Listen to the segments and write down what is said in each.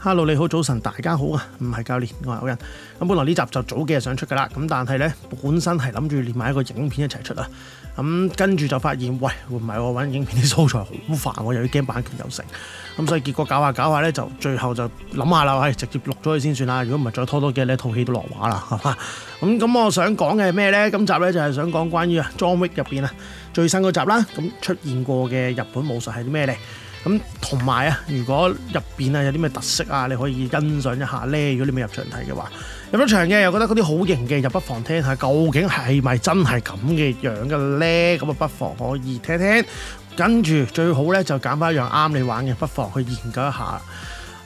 Hello，你好，早晨，大家好啊！唔係教練，我係歐人。咁本來呢集就早幾日想出噶啦，咁但係咧本身係諗住連埋一個影片一齊出啦。咁跟住就發現，喂，會唔係我搵影片啲素材好煩，我又要驚版權又成。咁、嗯、所以結果搞下搞下咧，就最後就諗下啦，係直接錄咗佢先算啦。如果唔係再拖多幾日咧，套戲都落畫啦，咁 咁、嗯嗯嗯嗯嗯嗯嗯嗯、我想講嘅係咩咧？今集咧就係想講關於《John Wick》入邊啊最新嗰集啦。咁、嗯嗯、出現過嘅日本武術係啲咩咧？咁同埋啊，如果入邊啊有啲咩特色啊，你可以欣賞一下呢。如果你未入場睇嘅話，入咗場嘅又覺得嗰啲好型嘅，又不妨聽下究竟係咪真係咁嘅樣嘅呢？咁啊，不妨可以聽聽。跟住最好呢就揀翻一樣啱你玩嘅，不妨去研究一下。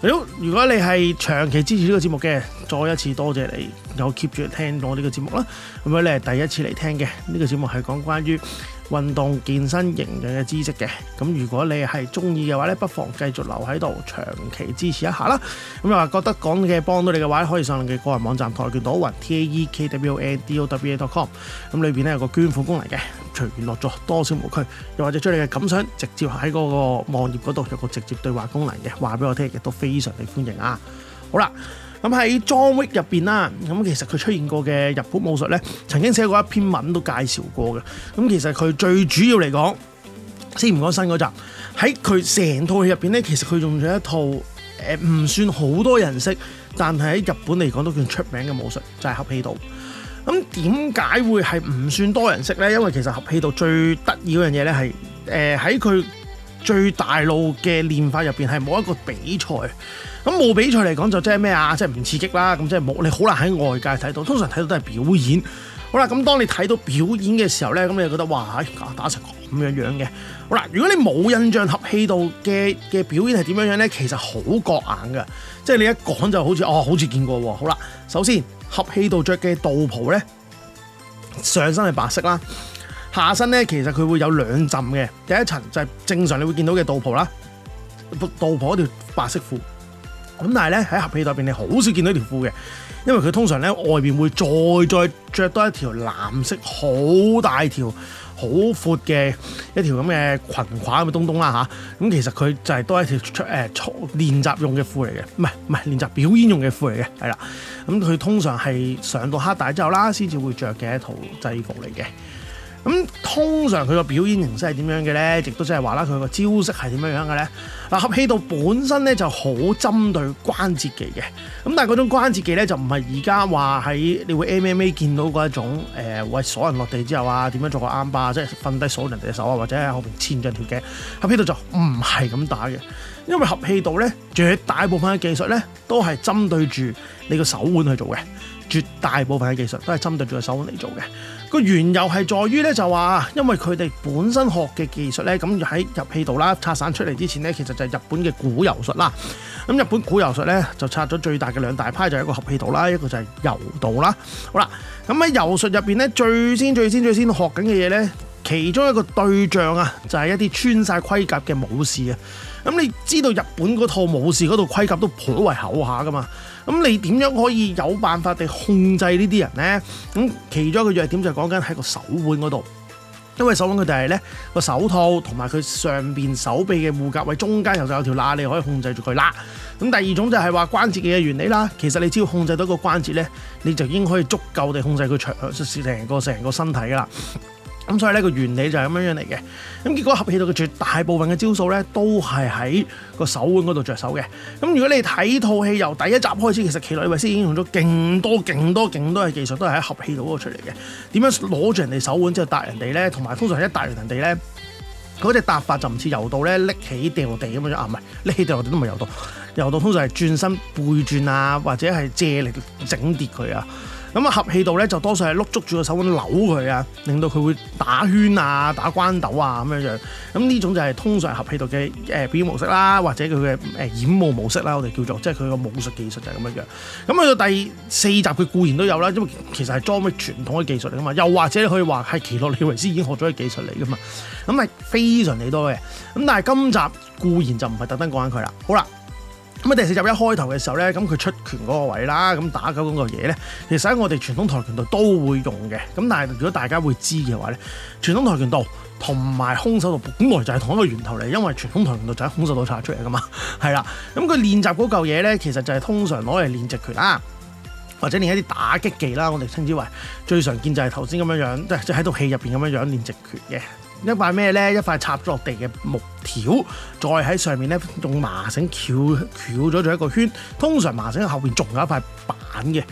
如果如果你係長期支持呢個節目嘅，再一次多謝你有 keep 住聽到我呢個節目啦。咁樣你係第一次嚟聽嘅，呢個節目係講關於，運動健身營養嘅知識嘅，咁如果你係中意嘅話咧，不妨繼續留喺度長期支持一下啦。咁又話覺得講嘢幫到你嘅話，可以上你嘅個人網站跆拳道 Wen t a e k w o n d o w e n dot com，咁裏邊咧有個捐款功能嘅，隨緣樂助，多少無拘，又或者將你嘅感想直接喺嗰個網頁嗰度有個直接對話功能嘅，話俾我聽亦都非常地歡迎啊。好啦。咁喺《John Wick》入邊啦，咁其實佢出現過嘅日本武術咧，曾經寫過一篇文都介紹過嘅。咁其實佢最主要嚟講，先唔講新嗰集，喺佢成套戲入邊咧，其實佢用咗一套誒唔、呃、算好多人識，但係喺日本嚟講都算出名嘅武術，就係、是、合氣道。咁點解會係唔算多人識咧？因為其實合氣道最得意嗰樣嘢咧，係誒喺佢。最大路嘅練法入邊係冇一個比賽，咁冇比賽嚟講就即係咩啊？即係唔刺激啦。咁即係冇你好難喺外界睇到，通常睇到都係表演。好啦，咁當你睇到表演嘅時候咧，咁你就覺得哇，打打成咁樣樣嘅。好啦，如果你冇印象合氣道嘅嘅表演係點樣樣咧，其實好割眼嘅。即係你一講就好似哦，好似見過喎。好啦，首先合氣道着嘅道袍咧，上身係白色啦。下身咧，其實佢會有兩浸嘅，第一層就係正常你會見到嘅道袍啦，道袍一條白色褲。咁但係咧，喺合氣道入邊，你好少見到條褲嘅，因為佢通常咧，外邊會再再着多一條藍色好大條好闊嘅一條咁嘅裙褂咁嘅東東啦吓，咁其實佢就係多一條誒操練習用嘅褲嚟嘅，唔係唔係練習表演用嘅褲嚟嘅，係啦。咁佢通常係上到黑帶之後啦，先至會着嘅一套制服嚟嘅。咁通常佢個表演形式係點樣嘅咧？亦都即係話啦，佢個招式係點樣樣嘅咧？嗱，合氣道本身咧就好針對關節技嘅，咁但係嗰種關節技咧就唔係而家話喺你會 MMA 見到嗰一種誒，為、呃、鎖人落地之後啊，點樣做個 armbar，即係瞓低鎖人哋嘅手啊，或者喺後邊牽住條頸，合氣道就唔係咁打嘅，因為合氣道咧絕大部分嘅技術咧都係針對住你個手腕去做嘅。絕大部分嘅技術都係針對住個手腕嚟做嘅，個緣由係在於咧就話，因為佢哋本身學嘅技術咧，咁喺入氣道啦、拆散出嚟之前咧，其實就係日本嘅古柔術啦。咁日本古柔術咧就拆咗最大嘅兩大派，就係一個合氣道啦，一個就係柔道啦。好啦，咁喺柔術入邊咧，最先、最先、最先學緊嘅嘢咧，其中一個對象啊，就係一啲穿晒盔甲嘅武士啊。咁你知道日本嗰套武士嗰套盔甲都頗為厚下㗎嘛？咁你點樣可以有辦法地控制這些人呢啲人咧？咁其中一個弱點就講緊喺個手腕嗰度，因為手腕佢哋係咧個手套同埋佢上邊手臂嘅護甲位，中間又就有條罅，你可以控制住佢啦。咁第二種就係話關節嘅原理啦。其實你只要控制到個關節咧，你就已經可以足夠地控制佢長成個成個身體㗎啦。咁所以呢個原理就係咁樣樣嚟嘅，咁結果合氣道嘅絕大部分嘅招數咧，都係喺個手腕嗰度着手嘅。咁如果你睇套戲由第一集開始，其實奇洛里維斯已經用咗勁多勁多勁多嘅技術，都係喺合氣道嗰度出嚟嘅。點樣攞住人哋手腕之後揼人哋咧？同埋通常一揼人哋咧，嗰隻打法就唔似柔道咧，拎起掉、啊、落地咁樣樣啊？唔係拎起掉落地都唔係柔道，柔道通常係轉身背轉啊，或者係借力整跌佢啊。咁啊合氣道咧就多數係碌捉住個手腕扭佢啊，令到佢會打圈啊、打關鬥啊咁樣樣。咁呢種就係通常合氣道嘅、呃、表演模式啦，或者佢嘅演武模式啦，我哋叫做即係佢嘅武術技術就係咁樣樣。咁去到第四集佢固然都有啦，因為其實係裝咩傳統嘅技術嚟噶嘛，又或者你可以話係奇洛李維斯已經學咗嘅技術嚟噶嘛。咁係非常嚟多嘅。咁但係今集固然就唔係特登講緊佢啦。好啦。咁啊第四集一開頭嘅時候咧，咁佢出拳嗰個位啦，咁打緊嗰個嘢咧，其實喺我哋傳統跆拳道都會用嘅。咁但係如果大家會知嘅話咧，傳統跆拳道同埋空手道本來就係同一個源頭嚟，因為傳統跆拳道就喺空手道拆出嚟噶嘛，係啦。咁佢練習嗰嚿嘢咧，其實就係通常攞嚟練直拳啦，或者練一啲打擊技啦，我哋稱之為最常見就係頭先咁樣樣，即係即係喺套戲入邊咁樣樣練直拳嘅。一塊咩咧？一塊插咗落地嘅木條，再喺上面咧用麻繩繞繞咗一個圈。通常麻繩後邊仲有一塊白。嘅，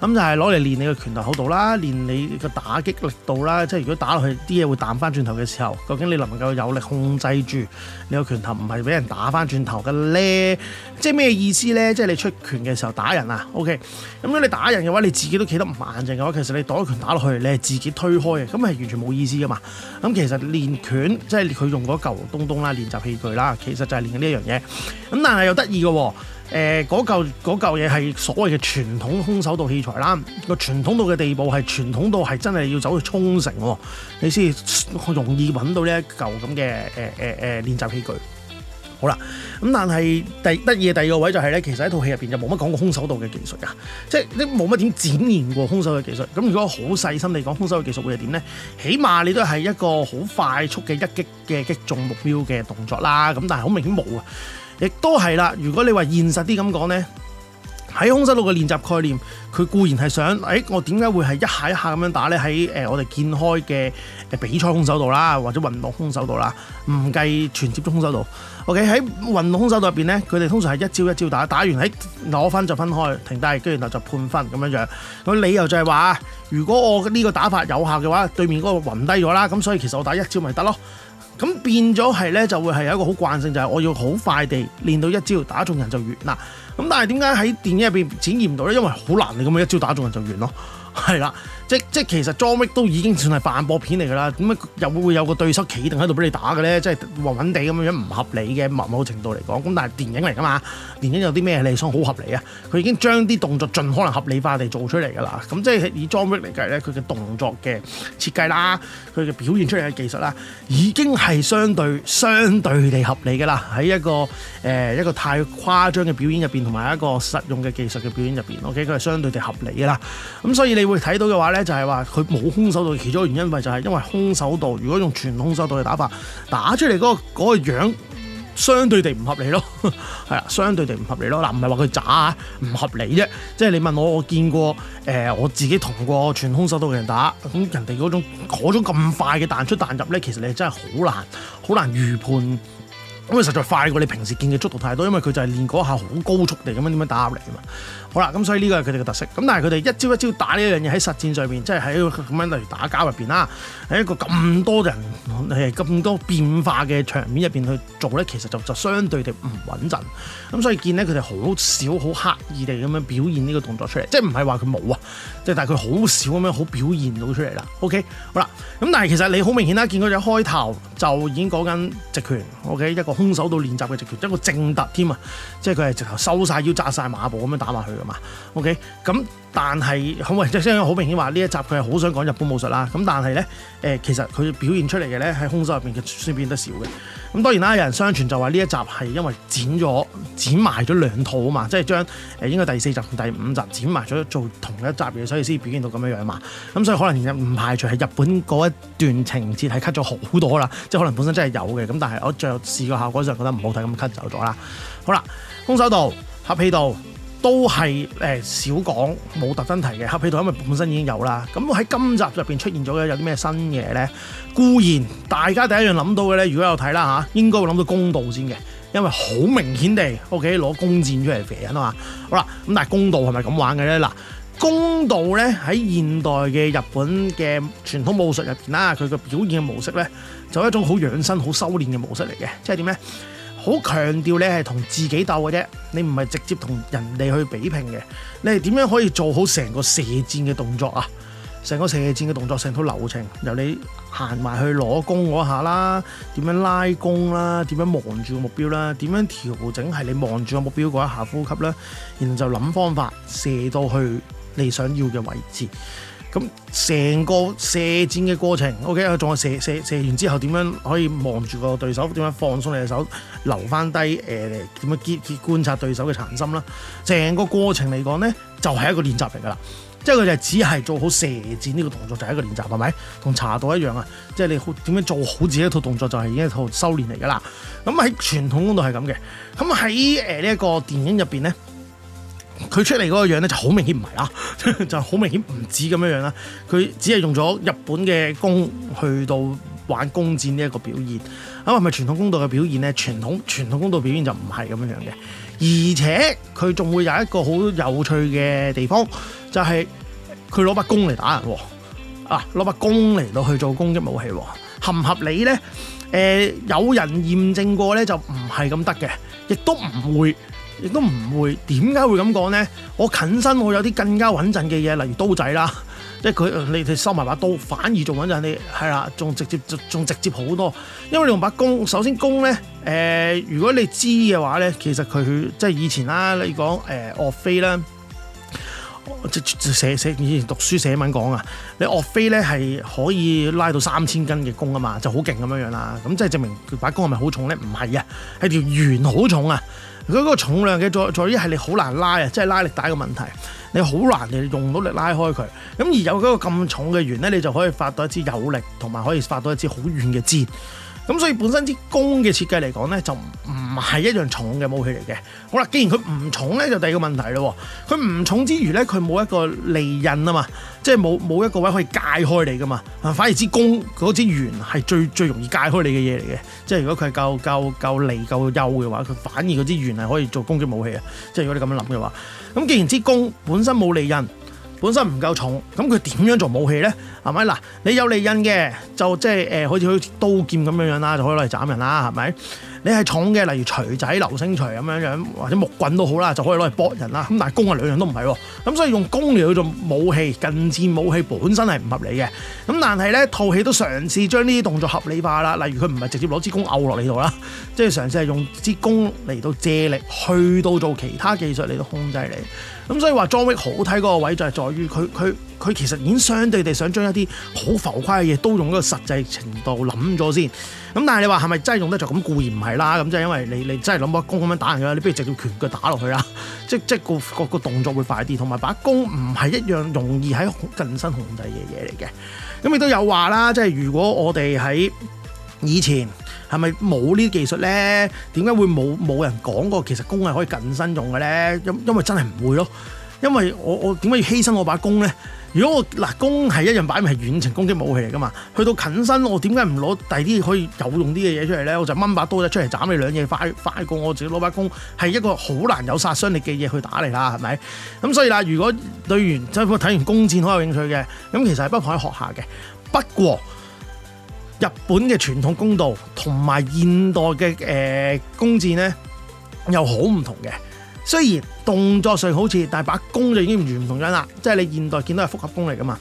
咁就係攞嚟練你個拳頭厚度啦，練你個打擊力度啦。即係如果打落去啲嘢會彈翻轉頭嘅時候，究竟你能夠有力控制住你個拳頭，唔係俾人打翻轉頭嘅咧？即係咩意思咧？即係你出拳嘅時候打人啊？OK，咁樣你打人嘅話，你自己都企得唔硬淨嘅話，其實你袋拳打落去，你係自己推開嘅，咁係完全冇意思噶嘛。咁其實練拳即係佢用嗰嚿東東啦，練習器具啦，其實就係練緊呢一樣嘢。咁但係又得意嘅。誒嗰嚿嗰嚿嘢係所謂嘅傳統空手道器材啦，個傳統到嘅地步係傳統到係真係要走去沖繩，你先容易揾到呢一嚿咁嘅誒誒誒練習器具。好啦，咁但係第得意嘅第二個位就係咧，其實喺套戲入邊就冇乜講過空手道嘅技術噶，即係你冇乜點展現過空手嘅技術。咁如果好細心嚟講，空手嘅技術會係點咧？起碼你都係一個好快速嘅一擊嘅擊中目標嘅動作啦。咁但係好明顯冇啊。亦都係啦，如果你話現實啲咁講咧，喺空手道嘅練習概念，佢固然係想，誒、欸、我點解會係一下一下咁樣打咧？喺、呃、我哋見開嘅比賽空手道啦，或者運動空手道啦，唔計全接觸空手道。OK 喺運動空手道入邊咧，佢哋通常係一招一招打，打完喺攞分就分開停低，跟住然後就判分咁樣樣。個理由就係話，如果我呢個打法有效嘅話，對面嗰個暈低咗啦，咁所以其實我打一招咪得咯。咁變咗係咧，就會係有一個好慣性，就係、是、我要好快地練到一招打中人就完啦。咁但係點解喺電影入邊展現唔到咧？因為好難，你咁樣一招打中人就完咯，係啦。即即其實《John Wick》都已經算係扮搏片嚟㗎啦，點解又會會有個對手企定喺度俾你打嘅咧？即係穩穩地咁樣樣唔合理嘅，某某程度嚟講，咁但係電影嚟㗎嘛，電影有啲咩你想好合理啊？佢已經將啲動作盡可能合理化地做出嚟㗎啦。咁即係以《John Wick》嚟計咧，佢嘅動作嘅設計啦，佢嘅表現出嚟嘅技術啦，已經係相對相對地合理㗎啦。喺一個誒、呃、一個太誇張嘅表演入邊同埋一個實用嘅技術嘅表演入邊，OK，佢係相對地合理㗎啦。咁所以你會睇到嘅話咧。就係話佢冇空手道，其中一個原因咪就係因為空手道，如果用全空手道嘅打法，打出嚟嗰、個嗰、個、樣相對地唔合理咯 對，相對地唔合理咯。係啊，相對地唔合理咯。嗱，唔係話佢渣，唔合理啫。即係你問我，我見過誒、呃，我自己同過全空手道嘅人打，咁人哋嗰種咁快嘅彈出彈入咧，其實你真係好難，好難預判，因為實在快過你平時見嘅速度太多，因為佢就係練嗰下好高速地咁樣點樣打入嚟啊嘛。好啦，咁所以呢個係佢哋嘅特色。咁但係佢哋一招一招打呢樣嘢喺實戰上面，即係喺咁樣，例如打交入邊啦，喺一個咁多人、係咁多變化嘅場面入邊去做咧，其實就就相對地唔穩陣。咁所以見咧，佢哋好少、好刻意地咁樣表現呢個動作出嚟，即係唔係話佢冇啊，即係但係佢好少咁樣好表現到出嚟啦。OK，好啦，咁但係其實你好明顯啦，見佢一開頭就已經講緊直拳，OK，一個空手道練習嘅直拳，一個正突添啊。即係佢係直頭收晒腰，紮晒馬步咁樣打埋去㗎嘛，OK？咁。但係，可唔即係好明顯話呢一集佢係好想講日本武術啦？咁但係咧，誒、呃、其實佢表現出嚟嘅咧喺空手入邊算變得少嘅。咁當然啦，有人相傳就話呢一集係因為剪咗剪埋咗兩套啊嘛，即係將誒、呃、應該第四集同第五集剪埋咗做同一集嘅，所以先表現到咁樣樣嘛。咁所以可能唔排除係日本嗰一段情節係 cut 咗好多啦，即係可能本身真係有嘅。咁但係我最後試過效果就覺得唔好睇咁 cut 走咗啦。好啦，空手道、合氣道。都係誒少講冇特登提嘅，合氣道因為本身已經有啦。咁喺今集入邊出現咗嘅有啲咩新嘢咧？固然大家第一樣諗到嘅咧，如果有睇啦嚇，應該會諗到弓道先嘅，因為好明顯地，OK 攞弓箭出嚟射人啊嘛。好啦，咁但係弓道係咪咁玩嘅咧？嗱，弓道咧喺現代嘅日本嘅傳統武術入邊啦，佢個表現嘅模式咧，就係一種好養生、好修練嘅模式嚟嘅，即係點咧？好強調你係同自己鬥嘅啫，你唔係直接同人哋去比拼嘅，你係點樣可以做好成個射箭嘅動作啊？成個射箭嘅動作，成套流程由你行埋去攞弓嗰下啦，點樣拉弓啦，點樣望住個目標啦，點樣調整係你望住個目標嗰一下呼吸啦，然後就諗方法射到去你想要嘅位置。咁成個射箭嘅過程，OK，仲有射射射完之後點樣可以望住個對手，點樣放鬆你隻手，留翻低誒點樣結結觀察對手嘅殘心啦。成個過程嚟講咧，就係一個練習嚟噶啦。即係佢就只係做好射箭呢個動作就係一個練習，係咪？同茶道一樣啊。即係你好點樣做好自己一套動作就係一套修練嚟噶啦。咁喺傳統度係咁嘅。咁喺誒呢一個電影入邊咧。佢出嚟嗰個樣咧就好明顯唔係啦， 就好明顯唔止咁樣樣啦。佢只係用咗日本嘅弓去到玩弓箭呢一個表演。咁係咪傳統弓道嘅表演咧？傳統傳統弓道表演就唔係咁樣樣嘅。而且佢仲會有一個好有趣嘅地方，就係佢攞把弓嚟打人喎。啊，攞把弓嚟到去做攻擊武器合唔合理咧？誒、呃，有人驗證過咧就唔係咁得嘅，亦都唔會。亦都唔會，點解會咁講咧？我近身我有啲更加穩陣嘅嘢，例如刀仔啦，即係佢你哋收埋把刀，反而仲穩陣啲，係啦，仲直接仲仲直接好多。因為你用把弓，首先弓咧，誒、呃，如果你知嘅話咧，其實佢即係以前啦，例如講誒岳飛啦。即寫寫以前讀書寫文講啊，你岳飛咧係可以拉到三千斤嘅弓啊嘛，就好勁咁樣樣啦。咁即係證明佢把弓係咪好重咧？唔係啊，係條弦好重啊。佢、那、嗰個重量嘅在在於係你好難拉啊，即係拉力大嘅問題，你好難用到力拉開佢。咁而有嗰個咁重嘅弦咧，你就可以發到一支有力，同埋可以發到一支好遠嘅箭。咁所以本身支弓嘅設計嚟講咧，就唔係一樣重嘅武器嚟嘅。好啦，既然佢唔重咧，就第二個問題咯。佢唔重之餘咧，佢冇一個利刃啊嘛，即係冇冇一個位可以界開你噶嘛。反而支弓支弓嗰支弦係最最容易界開你嘅嘢，嚟嘅。即係如果佢係夠夠夠利夠幼嘅話，佢反而嗰支弦係可以做攻擊武器啊。即係如果你咁樣諗嘅話，咁既然支弓本身冇利刃。本身唔夠重，咁佢點樣做武器咧？係咪？嗱，你有利刃嘅，就即係誒、呃，好似好似刀劍咁樣樣啦，就可以攞嚟斬人啦，係咪？你係重嘅，例如錘仔、流星錘咁樣樣，或者木棍都好啦，就可以攞嚟搏人啦。咁但係弓啊兩樣都唔係喎，咁所以用弓嚟去做武器，近戰武器本身係唔合理嘅。咁但係呢套戲都嘗試將呢啲動作合理化啦，例如佢唔係直接攞支弓嘔落嚟度啦，即係嘗試係用支弓嚟到借力，去到做其他技術嚟到控制你。咁、嗯、所以話 John Wick 好睇嗰個位就係在於佢佢佢其實已經相對地想將一啲好浮誇嘅嘢都用一個實際程度諗咗先。咁但係你話係咪真係用得著咁？固然唔係啦。咁即係因為你你真係諗把弓咁樣打人嘅啦，你不如直接拳腳打落去啦。即 即、係個個、個動作會快啲，同埋把弓唔係一樣容易喺近身控制嘅嘢嚟嘅。咁亦都有話啦，即、係如果我哋喺以前。係咪冇呢技術咧？點解會冇冇人講過其實弓係可以近身用嘅咧？因為因為真係唔會咯，因為我我點解要犧牲我把弓咧？如果我嗱弓係一樣擺明係遠程攻擊武器嚟噶嘛，去到近身我點解唔攞第二啲可以有用啲嘅嘢出嚟咧？我就掹把刀仔出嚟斬你兩嘢，快快過我自己攞把弓，係一個好難有殺傷力嘅嘢去打你啦，係咪？咁所以嗱，如果對完即係睇完弓箭，好有興趣嘅，咁其實係不妨可以學下嘅。不過，日本嘅傳統弓道同埋現代嘅誒弓箭咧又好唔同嘅，雖然動作上好似，但係把弓就已經完全唔同咗啦。即係你現代見到係複合弓嚟噶嘛，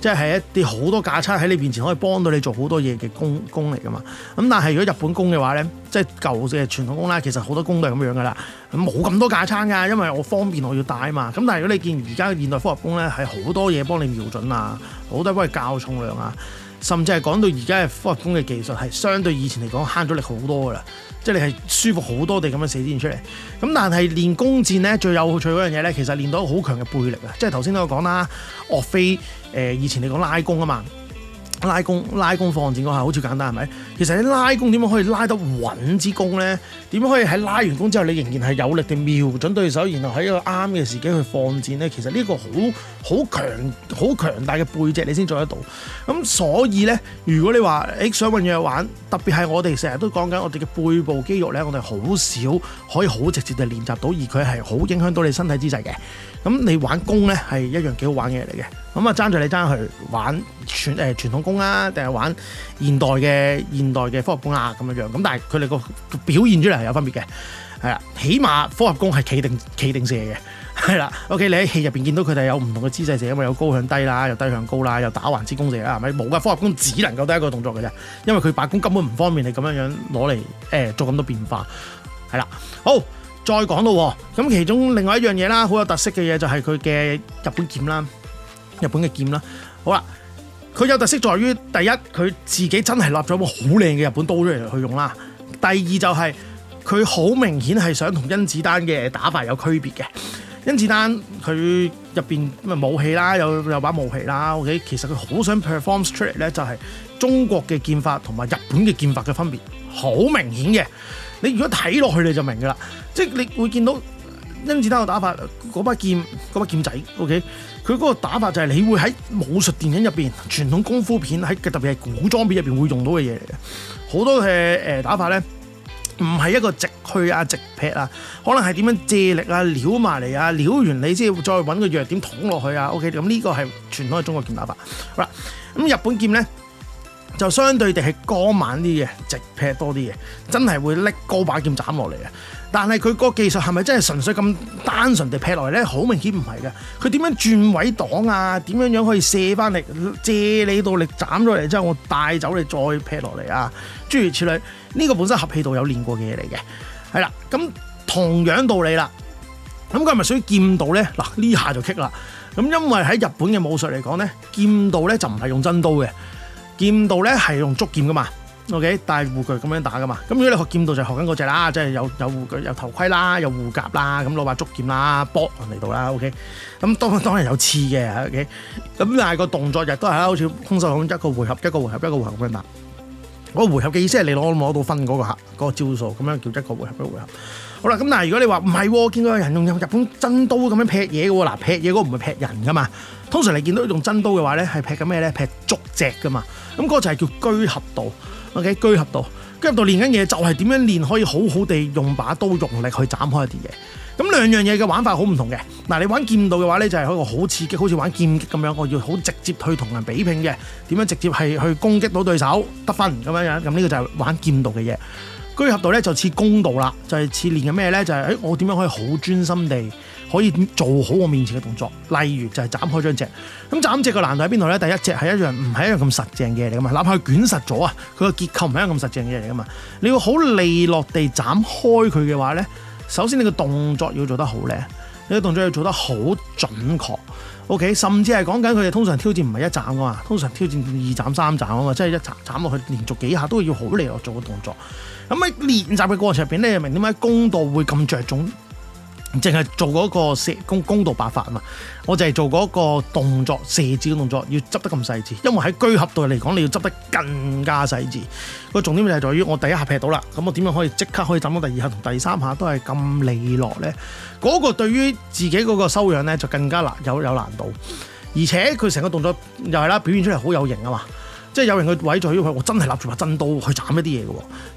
即係係一啲好多架撐喺你面前可以幫到你做好多嘢嘅弓弓嚟噶嘛。咁但係如果日本弓嘅話咧，即係舊嘅傳統弓啦，其實好多弓都係咁樣噶啦，冇咁多架撐噶，因為我方便我要帶啊嘛。咁但係如果你見而家現，現代複合弓咧，係好多嘢幫你瞄準啊，好多嘢幫你校重量啊。甚至係講到而家嘅科學工嘅技術係相對以前嚟講慳咗力好多噶啦，即係你係舒服好多地咁樣射箭出嚟。咁但係練弓箭咧，最有趣嗰樣嘢咧，其實練到好強嘅背力啊！即係頭先都有講啦，岳飛誒以前嚟講拉弓啊嘛。拉弓、拉弓放箭嗰下好似簡單係咪？其實你拉弓點樣可以拉得穩支弓咧？點樣可以喺拉完弓之後你仍然係有力地瞄準對手，然後喺一個啱嘅時機去放箭咧？其實呢個好好強、好強大嘅背脊你先做得到。咁所以咧，如果你話想運嘢玩，特別係我哋成日都講緊我哋嘅背部肌肉咧，我哋好少可以好直接地練習到，而佢係好影響到你身體姿勢嘅。咁你玩弓咧，係一樣幾好玩嘅嘢嚟嘅。咁啊，爭住你爭去玩傳誒、呃、傳統弓啊，定係玩現代嘅現代嘅科學弓啊，咁樣樣。咁但係佢哋個表現出嚟係有分別嘅，係啦。起碼科學弓係企定企定射嘅，係啦。OK，你喺戲入邊見到佢哋有唔同嘅姿勢射，因為有高向低啦，又低向高啦，又打橫支弓射啦，係咪？冇嘅科學弓只能夠得一個動作嘅啫，因為佢把弓根本唔方便你咁樣樣攞嚟誒做咁多變化，係啦。好。再講到咁，其中另外一樣嘢啦，好有特色嘅嘢就係佢嘅日本劍啦，日本嘅劍啦。好啦，佢有特色在於第一，佢自己真係立咗把好靚嘅日本刀出嚟去用啦。第二就係佢好明顯係想同甄子丹嘅打法有區別嘅。甄子丹佢入邊武器啦，有有把武器啦。OK，其實佢好想 perform 出來咧，就係中國嘅劍法同埋日本嘅劍法嘅分別，好明顯嘅。你如果睇落去你就明噶啦，即係你會見到甄子丹嘅打法，嗰把劍、嗰把劍仔，OK，佢嗰個打法就係你會喺武術電影入邊、傳統功夫片喺特別係古裝片入邊會用到嘅嘢嚟嘅，好多嘅誒、呃、打法咧，唔係一個直去啊、直劈啊，可能係點樣借力啊、撩埋嚟啊、撩完你先再揾個弱點捅落去啊，OK，咁呢個係傳統嘅中國劍打法。好嗱，咁日本劍咧。就相對地係剛猛啲嘅，直劈多啲嘅，真係會拎高把劍斬落嚟嘅。但係佢個技術係咪真係純粹咁單純地劈落嚟咧？好明顯唔係㗎，佢點樣轉位擋啊？點樣樣可以射翻力，借你到力斬咗嚟之後，我帶走你再劈落嚟啊！諸如此類，呢、這個本身合氣道有練過嘅嘢嚟嘅，係啦。咁同樣道理啦，咁佢係咪屬於劍道咧？嗱、啊，呢下就棘啦。咁因為喺日本嘅武術嚟講咧，劍道咧就唔係用真刀嘅。劍道咧係用竹劍噶嘛，OK？戴護具咁樣打噶嘛。咁如果你學劍道就學緊嗰隻啦，即係有有護具、有頭盔啦、有護甲啦，咁攞把竹劍啦、剝嚟到啦，OK？咁當當然有刺嘅，OK？咁但係個動作亦都係好似空手道一個回合一個回合一個回合咁樣打。嗰個回合嘅、嗰個、意思係你攞攞到分嗰、嗰個嗰個招數，咁樣叫一個回合一個回合。好啦，咁但係如果你話唔係，我見到有人用日本真刀咁樣劈嘢嘅，嗱，劈嘢嗰個唔係劈人噶嘛。通常你見到用真刀嘅話咧係劈緊咩咧？劈竹蓆噶嘛。咁嗰個就係叫居合道，OK？居合道，居合道到練緊嘢，就係點樣練可以好好地用把刀用力去斬開一啲嘢。咁兩樣嘢嘅玩法好唔同嘅。嗱，你玩劍道嘅話呢，就係一個好刺激，好似玩劍擊咁樣，我要好直接去同人比拼嘅，點樣直接係去攻擊到對手得分咁樣樣。咁呢個就係玩劍道嘅嘢。居合道呢，就似弓道啦，就係似練緊咩呢？就係誒我點樣可以好專心地，可以做好我面前嘅動作，例如就係斬開張隻。咁斬隻嘅難度喺邊度咧？第一隻係一樣唔係一樣咁實淨嘅嘢嚟噶嘛，哪怕佢捲實咗啊，佢嘅結構唔係一樣咁實淨嘅嘢嚟噶嘛。你要好利落地斬開佢嘅話咧，首先你嘅動作要做得好靚，你嘅動作要做得好準確。OK，甚至係講緊佢哋通常挑戰唔係一斬噶嘛，通常挑戰二斬三斬啊嘛，即係一斬，斬落去連續幾下都要好利落做嘅動作。咁喺練習嘅過程入邊，你又明點解公道會咁着重？淨係做嗰個射功，弓道八法啊嘛！我就係做嗰個動作，射箭嘅動作要執得咁細緻。因為喺居合度嚟講，你要執得更加細緻。個重點就係在於，我第一下劈到啦，咁我點樣可以即刻可以掟到第二下同第三下都係咁利落咧？嗰、嗰個對於自己嗰個修養咧，就更加難，有有難度。而且佢成個動作又係啦，表現出嚟好有型啊嘛！即係有人去毀咗佢，我真係立住把真刀去斬一啲嘢嘅。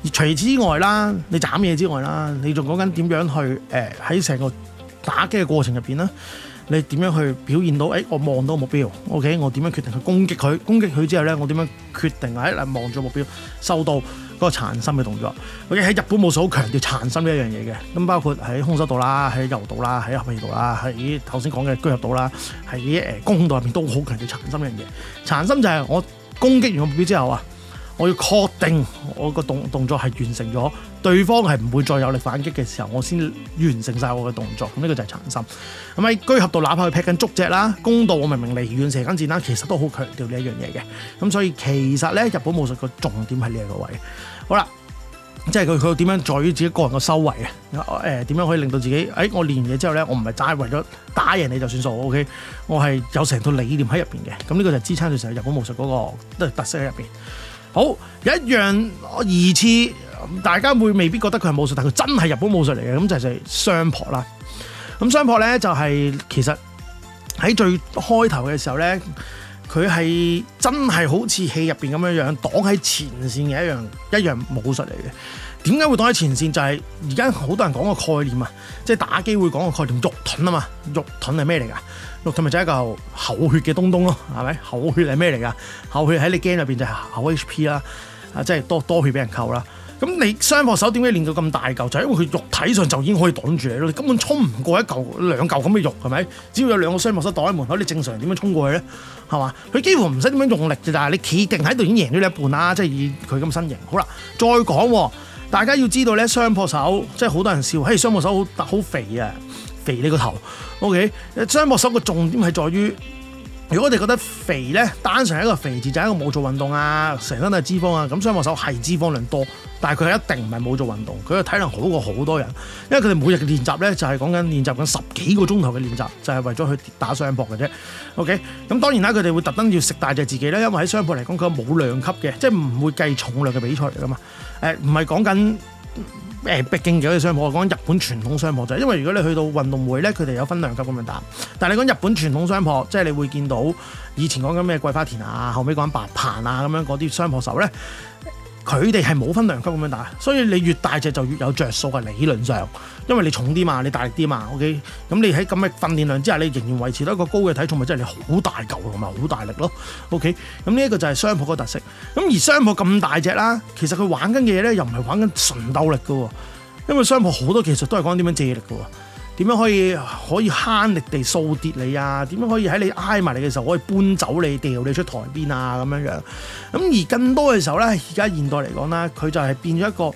而除此之外啦，你斬嘢之外啦，你仲講緊點樣去誒喺成個打擊嘅過程入邊啦，你點樣去表現到？誒、欸，我望到目標，OK，我點樣決定去攻擊佢？攻擊佢之後咧，我點樣決定喺望住目標收到嗰個殘心嘅動作？OK，喺日本武術好強調殘心呢一樣嘢嘅。咁包括喺空手道啦，喺柔道啦，喺合氣道啦，喺頭先講嘅居合道啦，喺誒弓道入邊都好強調殘心呢樣嘢。殘心就係我，攻擊完個目標之後啊，我要確定我個動動作係完成咗，對方係唔會再有力反擊嘅時候，我先完成晒我嘅動作。咁呢個就係殘心。咁、嗯、喺居合道，哪怕佢劈緊竹隻啦，弓道我明明離遠射緊箭啦，其實都好強調呢一樣嘢嘅。咁、嗯、所以其實咧，日本武術個重點係呢一個位。好啦。即係佢佢點樣在於自己個人嘅修為啊？誒，點樣可以令到自己？誒、哎，我練完嘢之後咧，我唔係齋為咗打贏你就算數，OK？我係有成套理念喺入邊嘅。咁呢個就支撐住成日本武術嗰個都係特色喺入邊。好，有一樣疑似，大家會未必覺得佢係武術，但係佢真係日本武術嚟嘅。咁就係相撲啦。咁相撲咧就係、是、其實喺最開頭嘅時候咧。佢係真係好似戲入邊咁樣樣，擋喺前線嘅一樣一樣武術嚟嘅。點解會擋喺前線？就係而家好多人講個概念啊，即係打機會講個概念，肉盾啊嘛，肉盾係咩嚟㗎？肉盾咪就係一個厚血嘅東東咯，係咪？厚血係咩嚟㗎？厚血喺你 game 入邊就係厚 HP 啦，啊，即係多多血俾人扣啦。咁你相撲手點解練到咁大嚿？就係因為佢肉體上就已經可以擋住你咯。你根本衝唔過一嚿兩嚿咁嘅肉，係咪？只要有兩個相撲手擋喺門口，你正常點樣衝過去咧？係嘛？佢幾乎唔使點樣用力就但係你企定喺度已經贏咗你一半啦。即係以佢咁身形，好啦，再講，大家要知道咧，相撲手即係好多人笑，嘿，相撲手好好肥啊，肥你個頭。OK，相撲手個重點係在於。如果我哋覺得肥咧，單純係一個肥字就係一個冇做運動啊，成身都係脂肪啊，咁相撲手係脂肪量多，但係佢係一定唔係冇做運動，佢個體能好過好多人，因為佢哋每日嘅練習咧就係講緊練習緊十幾個鐘頭嘅練習，就係為咗去打相撲嘅啫。OK，咁當然啦，佢哋會特登要食大隻自己咧，因為喺相撲嚟講，佢冇量級嘅，即係唔會計重量嘅比賽嚟噶嘛。誒，唔係講緊。誒，北京嘅啲相撲，講日本傳統相撲就係，因為如果你去到運動會咧，佢哋有分量級咁樣打。但你講日本傳統相撲，即係你會見到以前講緊咩桂花田啊，後尾講白鵬啊咁樣嗰啲相撲手咧。佢哋係冇分量級咁樣打，所以你越大隻就越有着數嘅，理論上，因為你重啲嘛，你大力啲嘛，OK，咁你喺咁嘅訓練量之下，你仍然維持到一個高嘅體重，咪即係你好大嚿同埋好大力咯，OK，咁呢一個就係相撲個特色。咁而相撲咁大隻啦，其實佢玩緊嘅嘢咧又唔係玩緊純鬥力㗎喎，因為相撲好多技術都係講點樣借力㗎喎。點樣可以可以慳力地掃跌你啊？點樣可以喺你挨埋嚟嘅時候可以搬走你掉你出台邊啊？咁樣樣咁而更多嘅時候咧，而家現代嚟講啦，佢就係變咗一個誒、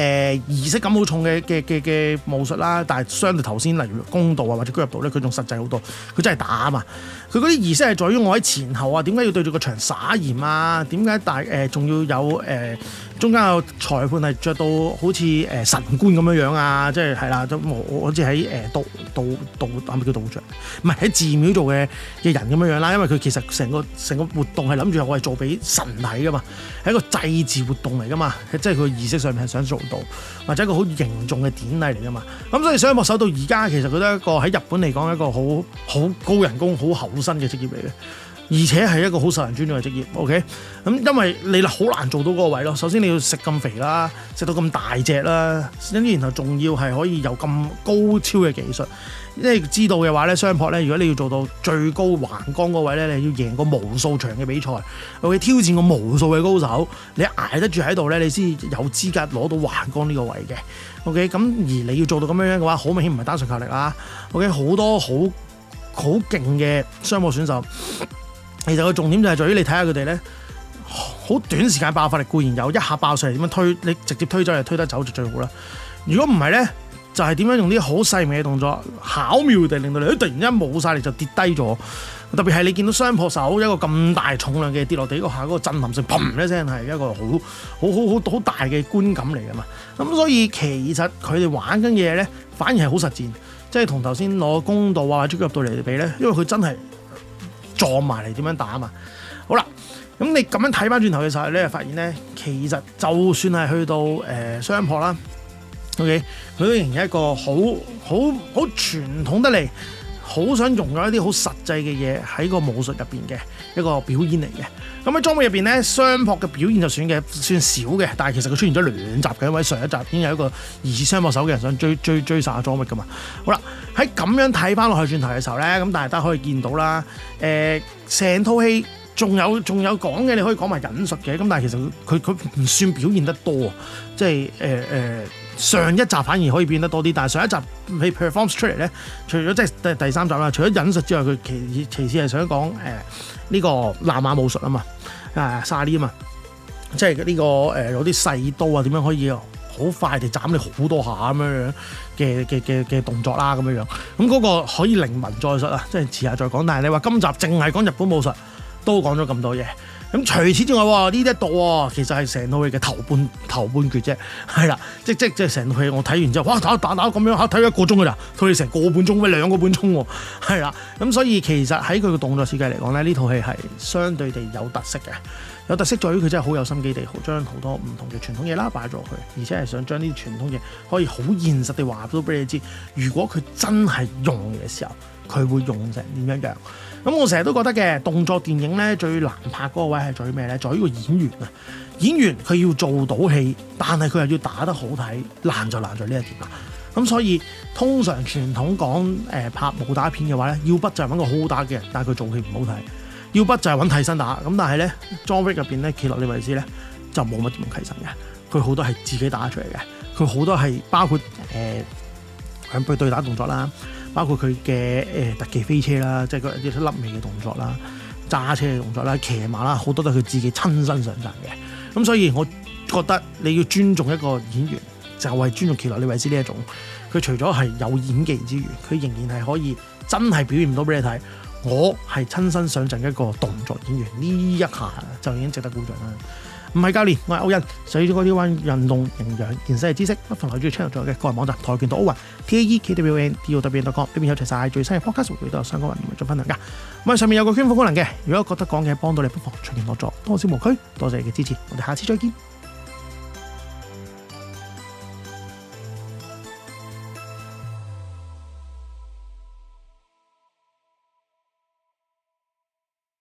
呃、儀式感好重嘅嘅嘅嘅武術啦。但係相對頭先例如公道啊或者居合道咧，佢仲實際好多。佢真係打啊嘛！佢嗰啲儀式係在於我喺前後啊，點解要對住個牆撒鹽啊？點解大誒仲、呃、要有誒？呃中間有裁判係着到好似誒神官咁樣樣啊，即係係啦，咁好似喺誒道道道啊，係咪叫道長？唔係喺寺廟做嘅嘅人咁樣樣啦，因為佢其實成個成個活動係諗住我係做俾神睇噶嘛，係一個祭祀活動嚟噶嘛，即係佢儀式上面係想做到，或者一個好凝重嘅典禮嚟噶嘛。咁所以，所以我守到而家，其實佢都係一個喺日本嚟講一個好好高人工、好厚薪嘅職業嚟嘅。而且係一個好受人尊重嘅職業，OK？咁因為你好難做到嗰個位咯。首先你要食咁肥啦，食到咁大隻啦，然後仲要係可以有咁高超嘅技術。因為知道嘅話咧，相撲咧，如果你要做到最高橫綱嗰位咧，你要贏過無數場嘅比賽，OK，挑戰過無數嘅高手，你捱得住喺度咧，你先有資格攞到橫綱呢個位嘅。OK？咁而你要做到咁樣樣嘅話，好明顯唔係單純靠力啦。OK？好多好好勁嘅相撲選手。其實個重點就係在於你睇下佢哋咧，好短時間爆發力固然有，一下爆出嚟，點樣推？你直接推走就推得走就最好啦。如果唔係咧，就係、是、點樣用啲好細微嘅動作巧妙地令到你，突然間冇晒力就跌低咗。特別係你見到雙破手一個咁大重量嘅跌落地嗰下嗰、那個震撼性，砰一聲係一個好好好好好大嘅觀感嚟㗎嘛。咁所以其實佢哋玩緊嘢咧，反而係好實戰，即係同頭先攞公道啊、足級入到嚟比咧，因為佢真係。撞埋嚟點樣打啊嘛？好啦，咁你咁樣睇翻轉頭嘅時候，你又發現咧，其實就算係去到誒、呃、相撲啦，OK，佢都仍然一個好好好傳統得嚟，好想融入一啲好實際嘅嘢喺個武術入邊嘅一個表演嚟嘅。咁喺裝物入面咧，雙撲嘅表現就算嘅，算少嘅。但係其實佢出現咗兩集嘅，因為上一集已經有一個疑似雙撲手嘅人想追追追殺阿裝物噶嘛。好啦，喺咁樣睇翻落去轉頭嘅時候咧，咁大家可以見到啦。誒、呃，成套戲仲有仲有講嘅，你可以講埋忍術嘅。咁但係其實佢佢唔算表現得多，即係誒、呃、上一集反而可以變得多啲。但係上一集佢 performs 出嚟咧，除咗即係第第三集啦，除咗忍術之外，佢其其次係想講誒。呃呢、這個南亞武術啊嘛，啊沙啲啊嘛，即係呢、這個誒、呃、有啲細刀啊，點樣可以好快地斬你好多下咁樣樣嘅嘅嘅嘅動作啦咁樣樣，咁、那、嗰個可以另文再說啊，即係遲下再講。但係你話今集淨係講日本武術，都講咗咁多嘢。咁除此之外喎，呢啲一度喎，其實係成套戲嘅頭半頭半撅啫，係啦，即即即係成套戲我睇完之後，哇打打打咁樣嚇，睇咗一個鐘㗎咋，套戲成個半鐘咩兩個半鐘喎，係啦，咁所以其實喺佢嘅動作設計嚟講咧，呢套戲係相對地有特色嘅，有特色在於，佢真係好有心機地將好多唔同嘅傳統嘢啦擺咗落去，而且係想將呢啲傳統嘢可以好現實地話都俾你知，如果佢真係用嘅時候，佢會用成點樣樣。咁我成日都覺得嘅動作電影咧最難拍嗰個位係在於咩咧？在於個演員啊，演員佢要做到戲，但係佢又要打得好睇，難就難在呢一點啦。咁所以通常傳統講誒、呃、拍武打片嘅話咧，要不就係揾個好打嘅人，但係佢做戲唔好睇；要不就係揾替身打。咁但係咧，John Wick 入邊咧企落你位置咧就冇乜點用替身嘅，佢好多係自己打出嚟嘅，佢好多係包括誒、呃、兩對對打動作啦。包括佢嘅誒特技飛車啦，即係嗰啲甩尾嘅動作啦、揸車嘅動作啦、騎馬啦，好多都係佢自己親身上陣嘅。咁所以我覺得你要尊重一個演員，就係、是、尊重奇洛李維斯呢一種。佢除咗係有演技之餘，佢仍然係可以真係表現到俾你睇。我係親身上陣的一個動作演員，呢一下就已經值得鼓掌啦。唔係教練，我係 Owen，想了解更多運動營養、健身嘅知識，不妨留意住 channel 做嘅個人網站跆拳道 Owen t a e k w o n d o w e n dot com，裏面有齊晒最新嘅 podcast，每度有相關人員做分享噶。咁啊，上面有個捐款功能嘅，如果覺得講嘅幫到你，不妨隨緣樂助。多謝無區，多謝你嘅支持，我哋下次再見。